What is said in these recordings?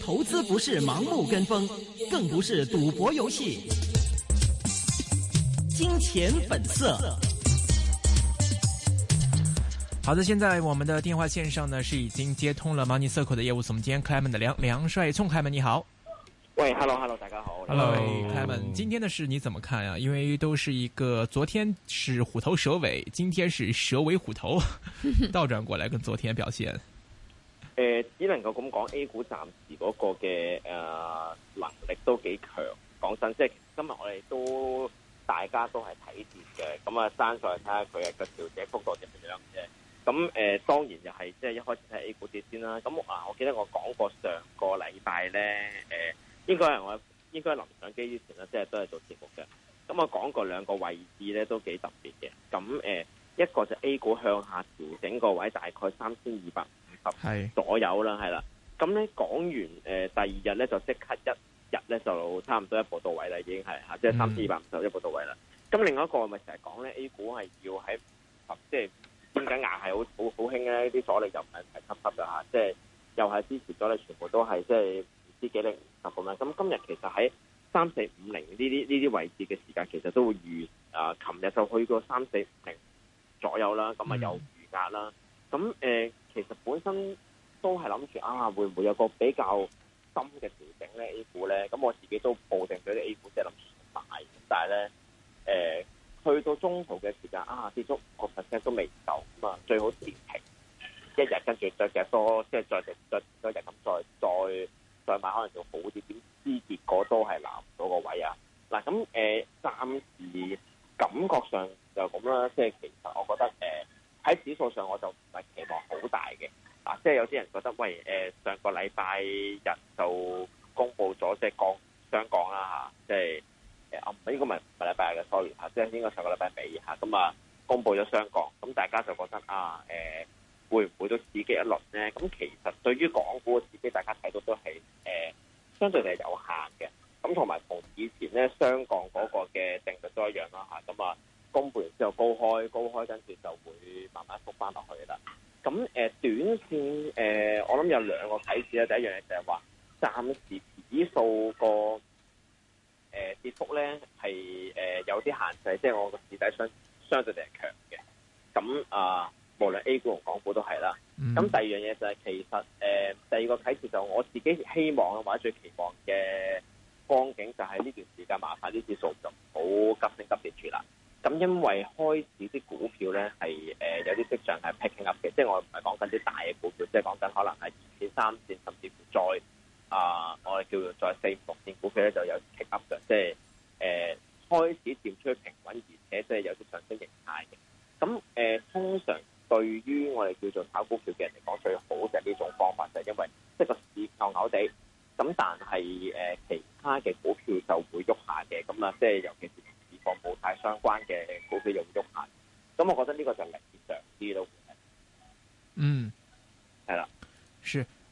投資不是盲目跟風，更不是賭博遊戲。金錢本色。好的，現在我們的電話線上呢是已經接通了 money circle 的業務總監 Clement 的梁梁帥聰，Clement 你好。喂，hello hello，大家好。Hello，Clement，今天的事你怎麼看啊？因為都是一個，昨天是虎頭蛇尾，今天是蛇尾虎頭， 倒轉過來，跟昨天表現。誒、呃，只能夠咁講，A 股暫時個嘅誒、呃、能力都幾強。講真，即係今日我哋都大家都係睇跌嘅，咁、嗯、啊，分散睇下佢嘅個調整幅度點樣啫。咁、嗯、誒、呃，當然又、就、係、是、即係一開始睇 A 股跌先啦。咁、嗯、啊，我記得我講過上個禮拜咧，誒、呃，應該係我。應該臨上機之前咧，即、就、係、是、都係做節目嘅。咁我講過兩個位置咧，都幾特別嘅。咁誒、呃，一個就是 A 股向下調整個位，大概三千二百五十左右啦，係啦。咁咧講完誒、呃，第二日咧就即刻一日咧就差唔多一步到位啦，已經係吓，即係三千二百五十一步到位啦。咁、嗯、另外一個咪成日講咧，A 股係要喺十，即係點解硬係好好好興咧？啲阻力就唔係係級級嘅吓，即、就、係、是、又係支持咗咧，全部都係即係。就是幾零十咁啦，咁今日其實喺三四五零呢啲呢啲位置嘅時間，其實都會預啊，琴日就去過三四五零左右啦，咁啊有餘額啦。咁誒，其實本身都係諗住啊，會唔會有個比較深嘅調整咧？A 股咧，咁我自己都報定咗啲 A 股，即係諗住買，但係咧誒，去到中途嘅時間啊，跌足個 percent 都未夠咁啊，最好跌停一日，跟住再成多，即係再成再多日咁，再再。再再再再上馬可能就好啲，點知結果都係藍嗰個位啊！嗱，咁、呃、誒暫時感覺上就咁啦，即係其實我覺得誒喺、呃、指數上我就唔係期望好大嘅，嗱、呃，即係有啲人覺得喂誒、呃、上個禮拜日就公布咗即係降雙降啦嚇，即係誒我唔係，應該唔係禮拜日嘅，sorry 嚇，即係應該上個禮拜尾嚇，咁啊，公布咗雙降，咁大家就覺得啊誒。呃會唔會都刺激一輪呢？咁其實對於港股嘅刺激，大家睇到都係誒、呃，相對地係有限嘅。咁同埋同以前咧，雙降嗰個嘅定律都一樣啦嚇。咁啊，公布完之後高開，高開跟住就會慢慢縮返落去啦。咁誒、呃、短線誒、呃，我諗有兩個睇法啦。第、就是、一樣嘢就係話，暫時指數個誒、呃、跌幅咧係誒有啲限制，即、就、係、是、我個市底相相對地係強嘅。咁啊～、呃無論 A 股同港股都係啦，咁第二樣嘢就係、是、其實誒、呃、第二個啟示就是我自己希望或者最期望嘅光景就係呢段時間麻煩呢支指數唔好急升急跌住啦。咁因為開始啲股票咧係誒有啲跡象係 pick up 嘅，即、就、係、是、我唔係講緊啲大嘅股票，即係講緊可能係二線三線甚至乎再啊我哋叫做再四五六線股票咧就有 pick up 嘅，即係誒開始漸趨平穩，而且即係有啲上升形態嘅。咁誒、呃、通常。對於我哋叫做炒股票嘅人嚟講，最好就係呢種方法，就係、是、因為即係個、就是、市拗拗地，咁但係誒、呃、其他嘅股票就會喐下嘅，咁啊即係尤其是同市況冇太相關嘅股票就會喐下，咁、嗯、我覺得呢個就係。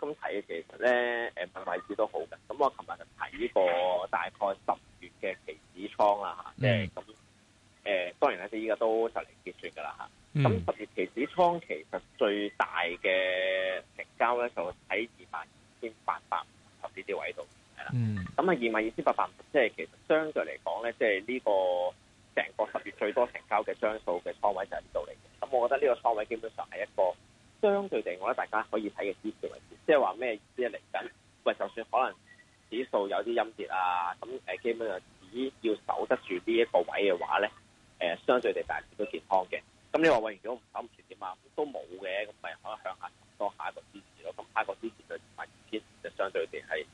咁睇其實咧，誒買賣市都好嘅。咁我琴日就睇呢個大概十月嘅期指倉，mm. 啊，嚇，即係誒當然咧，佢依家都就嚟結算噶啦嚇。咁、mm. 十月期指倉其實最大嘅成交咧，就喺二萬二千八百五十呢啲位度，係啦。咁啊，二萬二千八百五十，即係其實相對嚟講咧，即係呢個成個十月最多成交嘅張數嘅倉位就喺呢度嚟嘅。咁我覺得呢個倉位基本上係一個，相對地，我覺得大家可以睇嘅支持為止，即係話咩意思？即係嚟緊，唔係就算可能指數有啲陰跌啊，咁誒基本就只要守得住呢一個位嘅話咧，誒相對地大市都健康嘅。咁你話，喂，如果唔守唔住點啊？都冇嘅，咁咪可以向下尋多下一個支持咯。咁下一個支持就賣二千，就相對地係誒、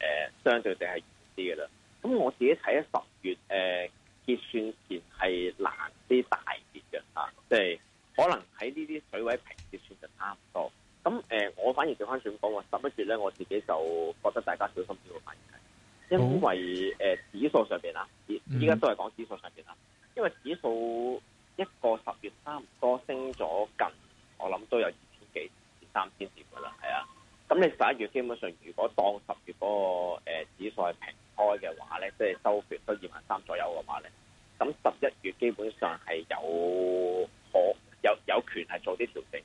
呃，相對地係弱啲嘅啦。咁我自己睇啊十月誒、呃、結算前係難啲大跌嘅嚇，即係。可能喺呢啲水位平跌算就差唔多。咁誒、呃，我反而做翻轉講話，十一月咧，我自己就覺得大家小心啲個反應，因為誒、呃、指數上邊啦，而依家都係講指數上邊啦，因為指數一個十月差唔多升咗近，我諗都有二千幾至三千點噶啦，係啊，咁你十一月基本上如果當十月嗰、那個、呃、指數係平開嘅話咧，即、就、係、是、收盤都二萬三左右嘅話咧，咁十一月基本上係有可。有有權係做啲調整，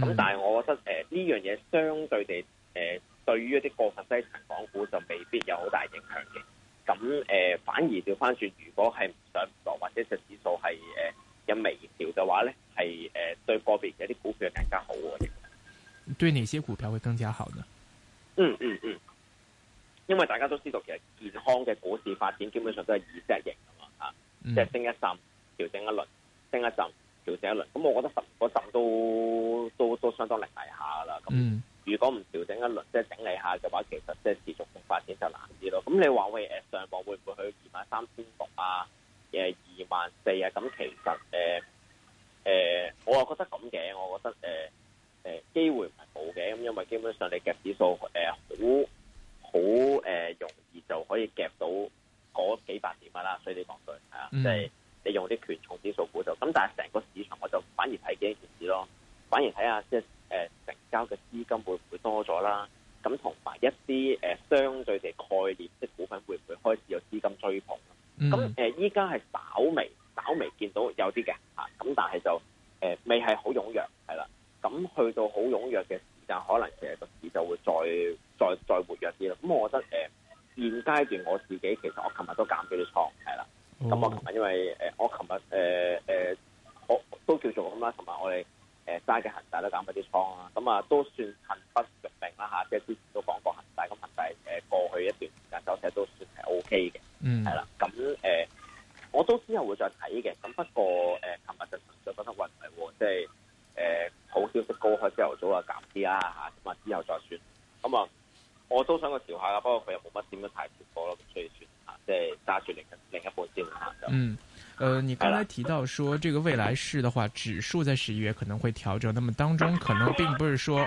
咁、嗯、但係我覺得誒呢、呃、樣嘢相對地誒、呃、對於一啲過分低層港股就未必有好大影響嘅，咁誒、呃、反而調翻轉，如果係上唔落或者實指數係誒有微調嘅話咧，係誒、呃、對個別嘅一啲股票更加好嘅。對哪些股票會更加好呢？嗯嗯嗯，因為大家都知道其實健康嘅股市發展基本上都係二息型啊嘛、嗯，即係升一滲。其實即係持續性發展就難啲咯。咁你話會誒上網會唔會去二萬三千六啊？誒二萬四啊？咁其實誒誒，我係覺得咁嘅。我覺得誒誒、呃呃，機會唔係冇嘅。咁因為基本上你夾指數誒，好好誒容易就可以夾到嗰幾百點啦。所以你講對啊，即、嗯、係、就是、你用啲權重指數股就咁。但係成個市場我就反而睇幾件事咯，反而睇下即係誒成交嘅資金會唔會多咗啦。咁同埋一啲、呃、相對嘅概念即係股份會唔會開始有資金追捧？咁誒依家係稍微稍微見到有啲嘅嚇，咁、啊、但係就、呃、未係好踴躍係啦。咁去到好踴躍嘅時間，可能其實個市就會再再再活躍啲啦。咁我覺得誒、呃、現階段我自己其實我琴日都減咗啲倉係啦。咁我琴日因為、呃、我琴日、呃呃、我都叫做咁啦，琴日我哋。誒揸嘅恒大都減翻啲倉啦，咁啊都算幸不辱命啦吓，即係之前都講過恒大，咁恒大誒過去一段時間走勢都算係 O K 嘅，係、嗯、啦，咁誒我都之後會再睇嘅，咁不過誒，琴日就純粹覺得運唔喎，即係誒好消息高開，朝頭早啊減啲啦吓，咁啊之後再算，咁啊我都想去調下啦，不過佢又冇乜點樣太突破咯，咁所以算吓，即係揸住另另一半先啦吓。就嗯呃，你剛才提到說，這個未來市的話，指數在十一月可能會調整，那麼當中可能並不是說，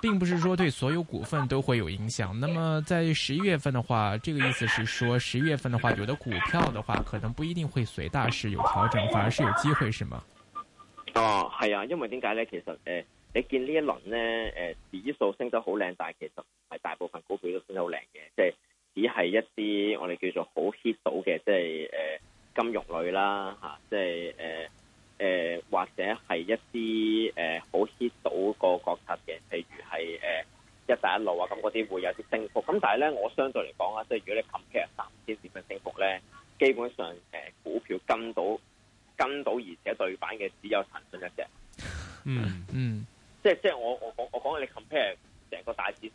並不是說對所有股份都會有影響。那麼在十一月份的話，這個意思是說，十一月份的話，有的股票的話，可能不一定會隨大勢有調整，反而是有機會，是嗎？哦，係啊，因為點解呢？其實，誒、呃，你見呢一輪咧，誒、呃，指數升得好靚，但係其實唔係大部分股票都升得好靚嘅，即係只係一啲我哋叫做好 hit 到嘅，即係誒。呃金融類啦，吓、啊，即係誒誒，或者係一啲誒好 hit 到個國策嘅，譬如係誒、呃、一帶一路啊，咁嗰啲會有啲升幅。咁但係咧，我相對嚟講啊，即係如果你 compare 三千點嘅升幅咧，基本上誒、呃、股票跟到跟到，而且對板嘅只有騰訊一隻。嗯嗯，即係即係我我講我講你 compare 成個大市。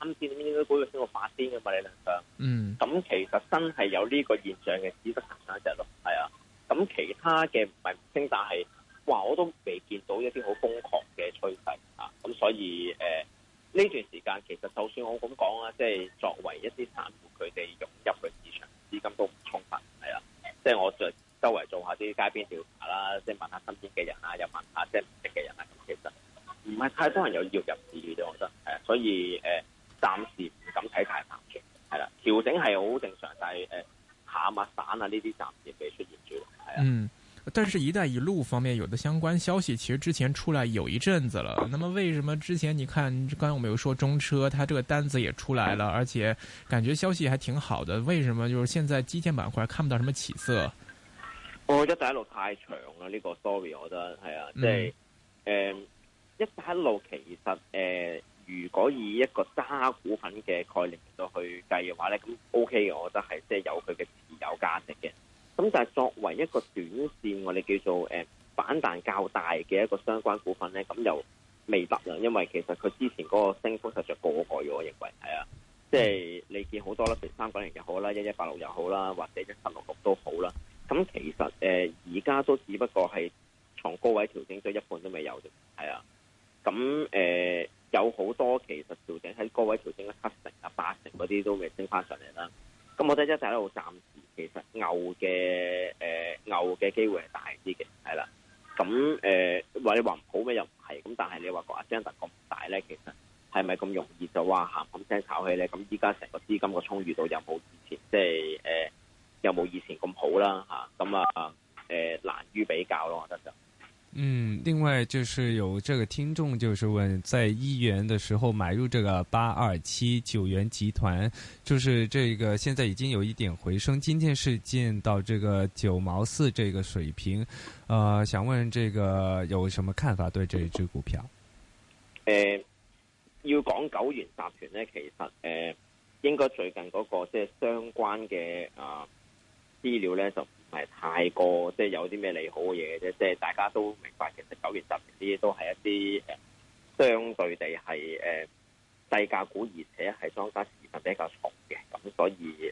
啱先應該估先個八仙嘅嘛，李能強。嗯，咁其實真係有呢個現象嘅，只得行一隻咯。係啊，咁其他嘅唔係唔清，但係哇，我都未見到一啲好瘋狂嘅趨勢啊。咁所以誒，呢段時間其實就算我咁講啦，即係作為一啲散戶，佢哋湧入嘅市場資金都唔充分，係啊。即係我就周圍做下啲街邊調查啦，即係問下身邊嘅人啊，又問下即係唔識嘅人啊。咁其實唔係太多人有要入。嗯。但是一帶一路方面，有的相關消息其實之前出來有一陣子了。那麼為什麼之前，你看剛剛我們有說中車，它這個單子也出來了，而且感覺消息還挺好的。為什麼就是現在基建板塊看不到什麼起色？我覺得一帶一路太長了呢、呢個 sorry，我覺得係啊，嗯、即係誒、呃、一帶一路其實誒、呃，如果以一個渣股份嘅概念度去計嘅話咧，咁 OK 嘅，我覺得係即係有佢嘅持有價值嘅。咁就係作為一個短線，我哋叫做誒反彈較大嘅一個相關股份咧，咁又未達啦。因為其實佢之前嗰個升幅實在過過咗，我認為係啊。即係、就是、你見好多啦，譬如三九零又好啦，一一八六又好啦，或者一十六局都好啦。咁其實誒而家都只不過係從高位調整咗一半都未有嘅，係啊。咁誒、呃、有好多其實調整喺高位調整咗七成啊、八成嗰啲都未升翻上嚟啦。咁我得一係喺度暫時，其實牛嘅誒、呃、牛嘅機會係大啲嘅，係啦。咁誒，話、呃、你話唔好咩又唔係。咁但係你話個阿張達咁大咧，其實係咪咁容易就話行咁聲炒起咧？咁依家成個資金個充裕度又冇以前，即係誒又冇以前咁好啦吓，咁啊誒、啊啊、難於比較咯，我覺得就。嗯，另外就是有這個聽眾就是問，在一元的時候買入這個八二七九元集團，就是這個現在已經有一點回升，今天是見到這個九毛四這個水平，呃，想問這個有什麼看法對這一隻股票，呃？要講九元集團呢，其實誒、呃，應該最近嗰個即係相關嘅啊、呃、資料呢，就。係太過即係有啲咩利好嘅嘢嘅啫，即係大家都明白，其實九月十日呢啲都係一啲相對地係誒，細、呃、價股，而且係莊家市份比較重嘅，咁所以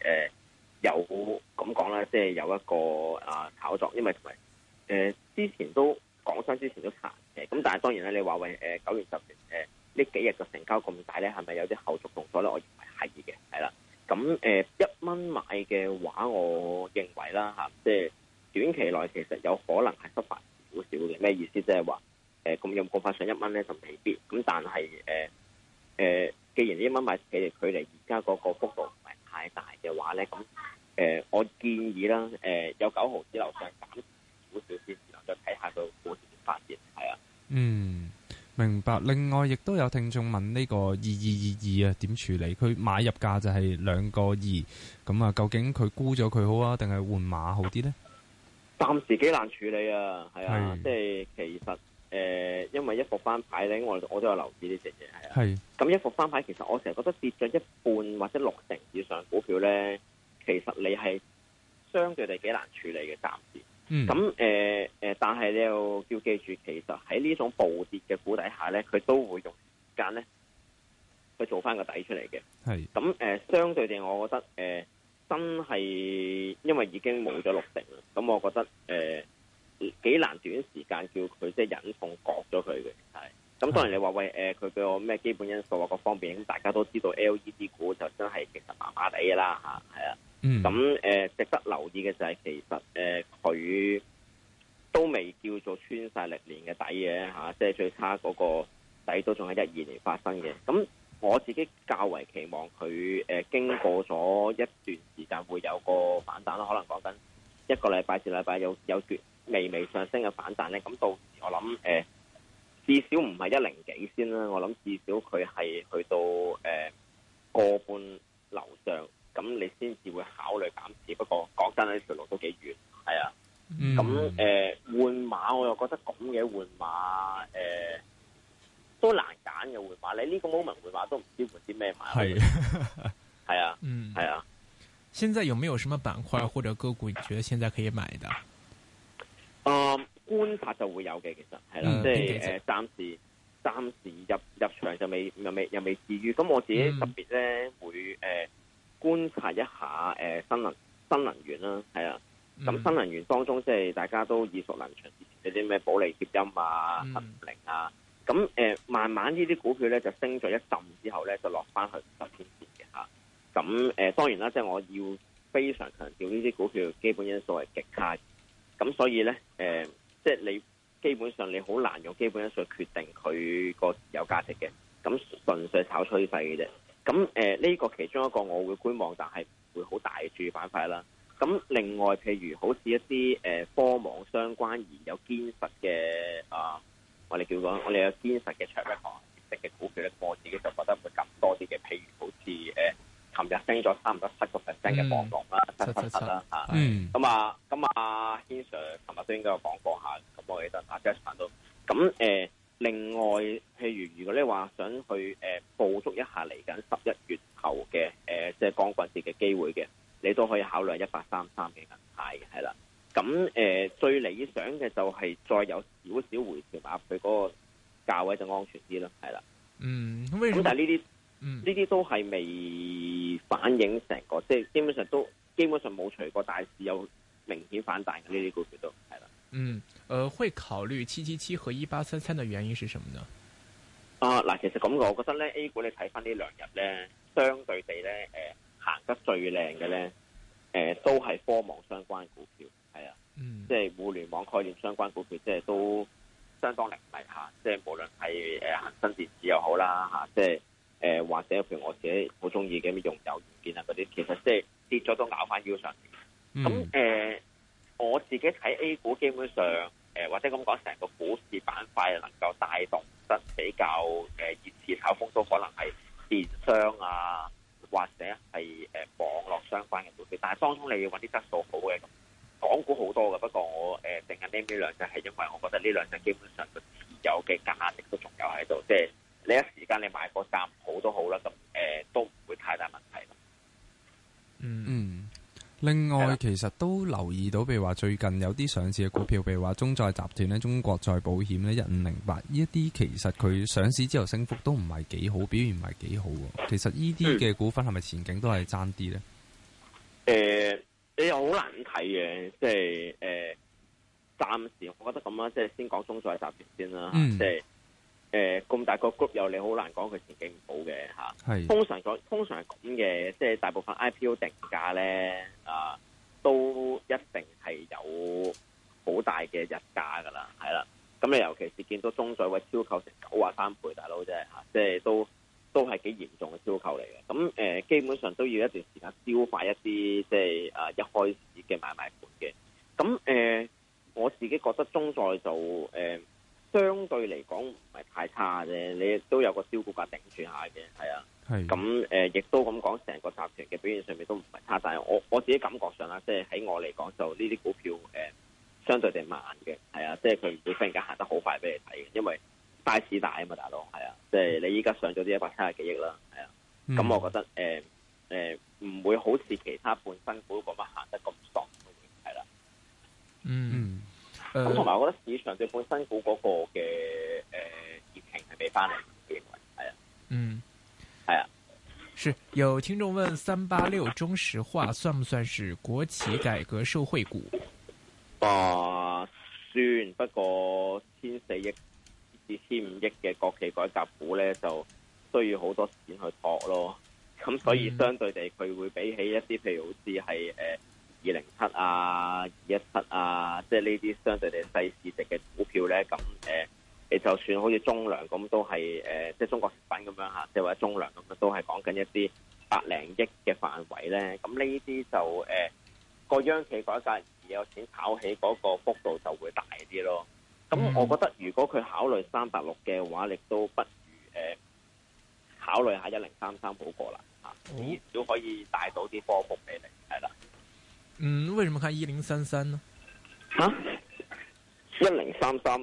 又好，咁講啦，即係有一個啊炒作，因為同埋誒、呃、之前都講返之前都查嘅，咁但係當然啦，你話喂，誒九月十日誒呢幾日嘅成交咁大咧，係咪有啲後續動作咧？我認為係嘅，係啦。咁誒一蚊買嘅話，我認為啦嚇，即係短期內其實有可能係失敗少少嘅。咩意思？即係話誒咁有冇發上一蚊咧，就未必。咁但係誒誒，既然一蚊買，佢哋距離而家嗰個幅度唔係太大嘅話咧，咁誒我建議啦，誒有九毫紙樓上減少少啲，然後再睇下個股市嘅發展係啊。嗯。明白。另外，亦都有聽眾問呢個二二二二啊點處理？佢買入價就係兩個二，咁啊，究竟佢沽咗佢好啊，定係換馬好啲呢？暫時幾難處理啊，係啊，即係其實誒、呃，因為一幅翻牌咧，我我都有留意呢隻嘢，係啊。咁一幅翻牌，其實我成日覺得跌咗一半或者六成以上股票呢，其實你係相對地幾難處理嘅，暫時。咁誒誒，但係你又要記住，其實喺呢種暴跌嘅股底下咧，佢都會用時間咧去做翻個底出嚟嘅。係咁誒，相對地，我覺得誒、呃、真係因為已經冇咗六成啦，咁我覺得誒、呃、幾難短時間叫佢即係忍痛割咗佢嘅。係咁，當然你話喂誒，佢個咩基本因素啊，各方面大家都知道 LED 股就真係其實麻麻地啦嚇，係啊。咁、嗯、誒、呃、值得留意嘅就係其實誒佢、呃、都未叫做穿晒歷年嘅底嘅嚇、啊，即係最差嗰個底都仲係一二年發生嘅。咁我自己較為期望佢誒、呃、經過咗一段時間會有個反彈啦，可能講緊一個禮拜至禮拜有有段微微上升嘅反彈咧。咁到時我諗誒、呃，至少唔係一零幾先啦。我諗至少佢係去到誒個、呃、半樓上。咁你先至會考慮減持，不過講真的，呢條路都幾遠，係啊。咁、嗯、誒、呃、換馬，我又覺得咁嘅換馬誒都難揀嘅換馬。你、呃、呢、這個 moment 換馬都唔知換啲咩馬。係 係是啊，係、 嗯、啊。現在有沒有什麼板塊或者個股你覺得現在可以買的？嗯、呃，觀察就會有嘅，其實係啦，即係誒，暫時暫時入入場就未又未又未至於。咁我自己特別咧、嗯、會誒。呃觀察一下誒、呃，新能新能源啦，係啊，咁新能源當中即係大家都耳熟能詳啲有啲咩保利、協鑫啊、合、嗯、明啊，咁誒、呃、慢慢呢啲股票咧就升咗一陣之後咧就落翻去十天線嘅嚇，咁誒、呃、當然啦，即、就、係、是、我要非常強調呢啲股票基本因素係極差，咁所以咧誒，即、呃、係、就是、你基本上你好難用基本因素去決定佢個有價值嘅，咁純粹炒趨勢嘅啫。呢、這個其中一個我會觀望，但係唔會好大嘅主要板塊啦。咁另外，譬如好似一啲誒、呃、科網相關而有堅實嘅啊，我哋叫講我哋有堅實嘅長尾行業嘅股票咧，我，我自己就覺得會咁多啲嘅。譬如好似誒，琴、呃、日升咗差唔多七個 percent 嘅榜榜啦，七七七啦嚇。嗯。咁、嗯、啊，咁啊，軒 Sir 琴日都應該有講過下。咁我記得阿 Jess 都咁誒。啊嗯那呃考慮一八三三嘅銀牌係啦，咁誒、呃、最理想嘅就係再有少少回調，把佢嗰個價位就安全啲咯，係啦。嗯，咁但係呢啲，嗯，呢啲都係未反映成個，即係基本上都基本上冇隨過大市有明顯反彈嘅呢啲股票都係啦。嗯，誒、呃，會考慮七七七和一八三三嘅原因是什麼呢？啊，嗱，其實咁我覺得咧，A 股你睇返呢兩日咧，相對地咧，誒行得最靚嘅咧。嗯誒、呃，都係科網相關的股票，係啊，嗯、即係互聯網概念相關股票，即係都相當亮麗吓。即係無論係誒恒生電子又好啦吓、啊，即係誒、呃，或者譬如我自己好中意嘅咩應用軟件啊嗰啲，其實即係跌咗都咬翻腰上嚟。咁、嗯、誒、呃，我自己睇 A 股，基本上誒、呃，或者咁講，成個股市板塊能夠帶動得比較誒熱錢炒風，都可能係電商啊。或者係誒網絡相關嘅股票，但係當中你要揾啲質素好嘅咁，港股好多嘅。不過我誒定緊呢兩隻係因為我覺得呢兩隻基本上個持有嘅價值都仲有喺度，即係呢一時間你買個站鋪、呃、都好啦，咁誒都唔會太大問題。嗯。嗯。另外，其實都留意到，譬如話最近有啲上市嘅股票，譬如話中再集團咧、中國再保險咧、一五零八呢一啲，其實佢上市之後升幅都唔係幾好，表現唔係幾好。其實呢啲嘅股份係咪前景都係爭啲咧？誒、嗯，你又好難睇嘅，即係誒，暫時我覺得咁樣，即係先講中再集團先啦，即係。誒，咁大個 group 有你好難講佢前景唔好嘅吓，係通常講通常咁嘅，即係大部分 IPO 定價咧啊，都一定係有好大嘅溢價噶啦，係啦。咁你尤其是見到中再位超購成九啊三倍大佬啫吓，即係都都係幾嚴重嘅超購嚟嘅。咁誒、呃，基本上都要一段時間消化一啲即係一開始嘅買賣盤嘅。咁誒、呃，我自己覺得中再就誒。呃相對嚟講唔係太差啫，你都有個招股價頂住下嘅，係啊。係。咁誒、呃，亦都咁講，成個集團嘅表現上面都唔係差晒。但我我自己感覺上啦，即係喺我嚟講，就呢啲股票誒、呃，相對地慢嘅，係啊，即係佢唔會忽然間行得好快俾你睇嘅，因為大市大啊嘛，大佬係啊。即係、嗯就是、你依家上咗啲一百七廿幾億啦，係啊。咁、嗯、我覺得誒誒，唔、呃呃、會好似其他半新股咁樣行得咁爽，係啦。嗯。嗯咁同埋，我覺得市場對本身股嗰個嘅誒熱情係未翻嚟，我認為係啊。嗯，係啊。有聽眾問：三八六中石化算唔算是國企改革受惠股？吧、啊、算，不過千四億至千五億嘅國企改革股咧，就需要好多錢去托咯。咁所以相對地，佢會比起一啲譬如好似係誒。呃二零七啊，二一七啊，即係呢啲相對地細市值嘅股票呢，咁誒，你、呃、就算好似中糧咁，都係誒，即、就、係、是、中國食品咁樣嚇，或者中糧咁樣，都係講緊一啲百零億嘅範圍呢。咁呢啲就誒個、呃、央企改革而有錢炒起嗰個幅度就會大啲咯。咁我覺得如果佢考慮三百六嘅話，你都不如誒、呃、考慮下一零三三補貨啦，嚇至少可以帶到啲波幅俾你，係啦。嗯，為什麼看一零三三呢？吓，一零三三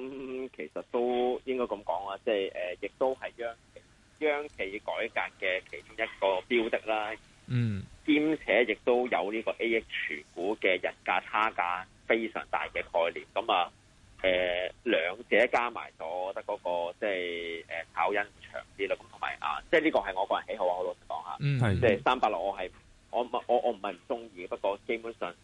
其實都應該咁講啊，即係誒，亦、呃、都係央企央企改革嘅其中一個標的啦。嗯，兼且亦都有呢個 A、AH、股存股嘅日價差價非常大嘅概念，咁啊誒，兩、呃、者加埋咗，我覺得嗰、那個即係誒跑因長啲咯。咁同埋啊，即係呢個係我個人喜好啊，我老實講下。嗯，即係三百六，我係。我唔我我唔係唔中意，不過基本上，誒、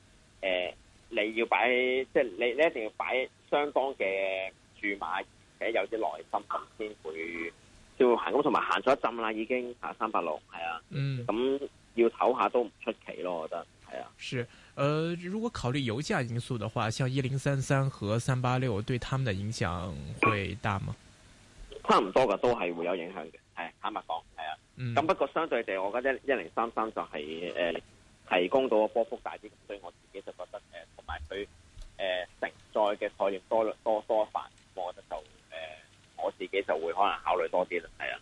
呃、你要擺即係你你一定要擺相當嘅注碼，而且有啲耐心先會照行咁，同埋行咗一陣啦，已經係三百六，係啊，嗯，咁要唞下都唔出奇咯，我覺得係啊。是，誒、呃，如果考慮油價因素嘅話，像一零三三和三八六，對他們嘅影響會大嗎？差唔多嘅都係會有影響嘅，係、啊、坦白講。咁、嗯、不過，相對地，我覺得一零三三就係、是、誒、呃、提供到波幅大啲，所、嗯、以我自己就覺得誒同埋佢誒承載嘅概念多多多一我覺得就誒、呃、我自己就會可能考慮多啲啦，係啊。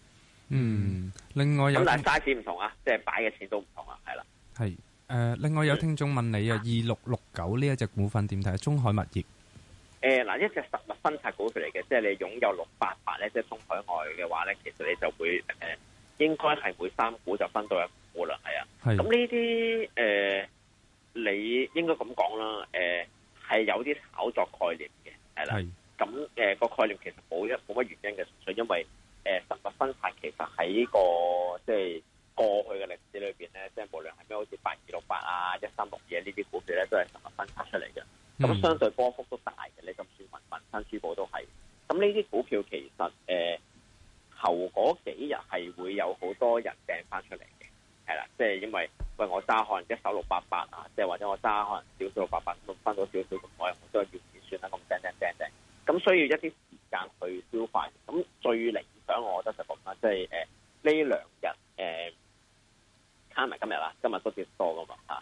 嗯，另外有咁但係 size 唔同啊，即、就、係、是、擺嘅錢都唔同啊，係啦。係誒、呃，另外有聽眾問你啊，二六六九呢一隻股份點睇？中海物業誒嗱，呢隻實物分拆股出嚟嘅，即係你擁有六八八咧，即係中海外嘅話咧，其實你就會誒。呃應該係每三股就分到一股啦，係啊。咁呢啲誒，你應該咁講啦，誒、呃、係有啲炒作概念嘅，係啦。咁誒、呃個概念其實冇一冇乜原因嘅，純粹因為誒實、呃、物分拆，其實喺、個即係、就是、過去嘅歷史裏邊咧，即係無論係咩好似八二六八啊、一三六二啊呢啲股票咧，都係實物分拆出嚟嘅。咁相對波幅。需要一啲時間去消化，咁最理想，我覺得就咁、是、啦，即係誒呢兩日誒，加埋今日啦，今日都跌多噶嘛嚇，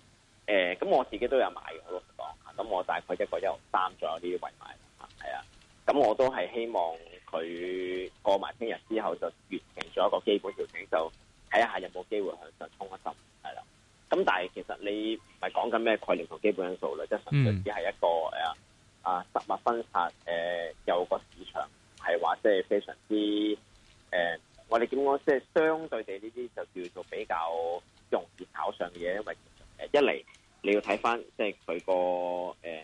誒咁、啊啊、我自己都有買嘅，我老實講嚇，咁、啊、我大概一個一毫三咗有啲位買，嚇係啊，咁、啊、我都係希望佢過埋聽日之後就完成咗一個基本調整，就睇下有冇機會向上衝一陣係啦，咁、啊、但係其實你唔係講緊咩概念同基本因素啦，即係純粹只係一個誒。嗯啊，實物分發誒、呃，有個市場係話，即係非常之誒、呃，我哋點講，即係相對地，呢啲就叫做比較容易炒上嘅，因為誒、呃、一嚟你要睇翻，即係佢個誒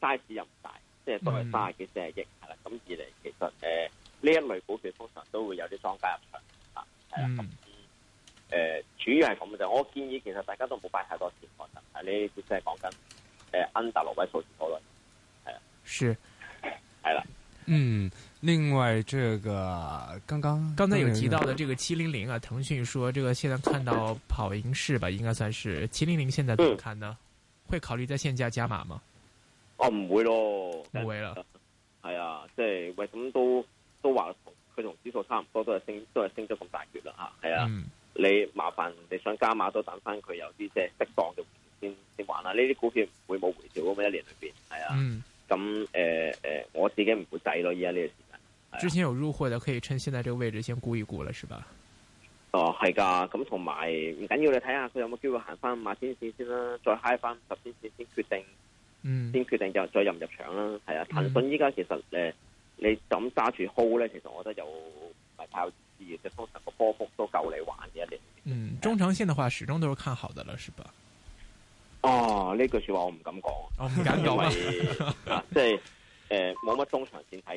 size 又唔大，即係都係三十幾四十億係啦。咁二嚟其實誒呢、呃、一類股票通常都會有啲莊家入場啊，係啦，咁誒主要係咁嘅啫。我建議其實大家都唔好擺太多錢，我覺得啊，你即係講緊。誒，恩達六位數字討論，係啊，是，係啦，嗯，另外，這個剛剛剛才有提到的這個七零零啊，騰訊說，這個現在看到跑贏市吧，應該算是七零零，現在點看呢？嗯、會考慮在現價加碼嗎？哦，唔會咯，唔會啦，係、嗯嗯、啊，即係喂咁都都話佢同指數差唔多，都係升，都係升咗咁大段啦吓，係啊，啊、嗯，你麻煩你想加碼都等翻佢有啲即係適當嘅。呢啲股票會冇回調咁樣，一年裏邊係啊，咁誒誒，我自己唔會滯咯，而家呢個時間、啊。之前有入貨嘅，可以趁現在這個位置先估一估啦，是吧？哦，係噶，咁同埋唔緊要，你睇下佢有冇機會行翻五天綫先啦，再嗨 i 翻十天綫先決定，嗯，先決定就再入唔入場啦。係啊，騰訊依家其實誒，你咁揸住 hold 咧，其實我覺得又唔係太好有思嘅，即通常能個波幅都夠你玩嘅一年。嗯，啊，中長綫嘅話始終都是看好的啦，是吧？呢句說話我唔敢講，我唔敢講，即係誒冇乜中長線睇。就是呃